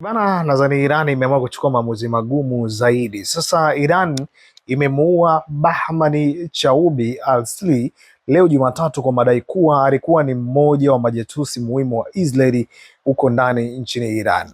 Bana, nadhani Iran imeamua kuchukua maamuzi magumu zaidi. Sasa Iran imemuua Bahmani Chaubi alsli leo Jumatatu kwa madai kuwa alikuwa ni mmoja wa majetusi muhimu wa Israeli huko ndani nchini Iran.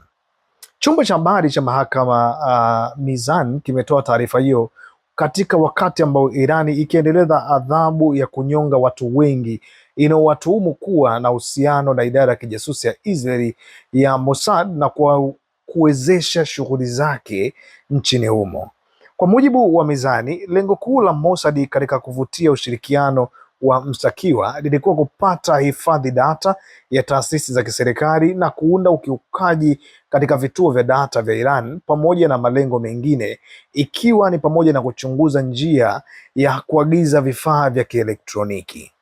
Chumba cha habari cha mahakama uh, Mizan kimetoa taarifa hiyo katika wakati ambao Irani ikiendeleza adhabu ya kunyonga watu wengi inaowatuhumu kuwa na uhusiano na idara ya kijasusi ya Israeli ya Mossad na kwa kuwezesha shughuli zake nchini humo. Kwa mujibu wa Mizani, lengo kuu la Mossad katika kuvutia ushirikiano wa mshtakiwa lilikuwa kupata hifadhi data ya taasisi za kiserikali na kuunda ukiukaji katika vituo vya data vya Iran pamoja na malengo mengine ikiwa ni pamoja na kuchunguza njia ya kuagiza vifaa vya kielektroniki.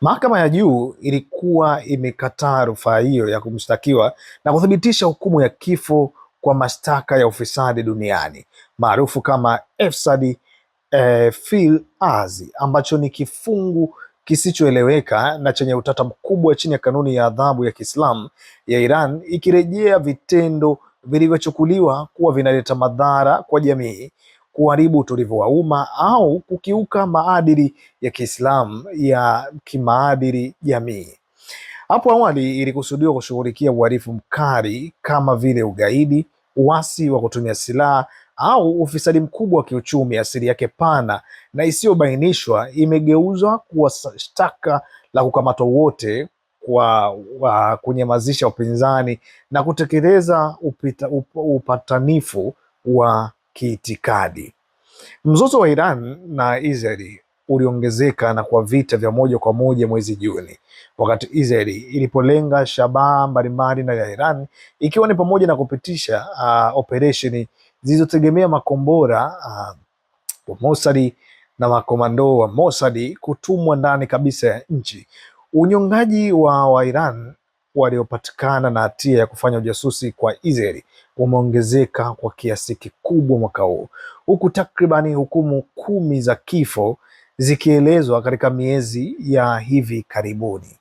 Mahakama ya juu ilikuwa imekataa rufaa hiyo ya kumshtakiwa na kuthibitisha hukumu ya kifo kwa mashtaka ya ufisadi duniani maarufu kama efsadi eh, fil azi ambacho ni kifungu kisichoeleweka na chenye utata mkubwa chini ya kanuni ya adhabu ya Kiislamu ya Iran, ikirejea vitendo vilivyochukuliwa kuwa vinaleta madhara kwa jamii, kuharibu utulivu wa umma au kukiuka maadili ya Kiislamu ya kimaadili jamii. Hapo awali ilikusudiwa kushughulikia uhalifu mkali kama vile ugaidi, uasi wa kutumia silaha au ufisadi mkubwa wa kiuchumi, asili yake pana na isiyobainishwa imegeuzwa kuwa shtaka la kukamatwa wote kwa kunyamazisha upinzani na kutekeleza upita, up, upatanifu wa kiitikadi. Mzozo wa Iran na Israeli uliongezeka na kwa vita vya moja kwa moja mwezi Juni, wakati Israeli ilipolenga shabaha mbalimbali ndani ya Iran, ikiwa ni pamoja na kupitisha uh, operesheni zilizotegemea makombora ah, wa Mosadi na makomando wa Mosadi kutumwa ndani kabisa ya nchi. Unyongaji wa Wairan waliopatikana na hatia ya kufanya ujasusi kwa israel umeongezeka kwa kiasi kikubwa mwaka huu, huku takribani hukumu kumi za kifo zikielezwa katika miezi ya hivi karibuni.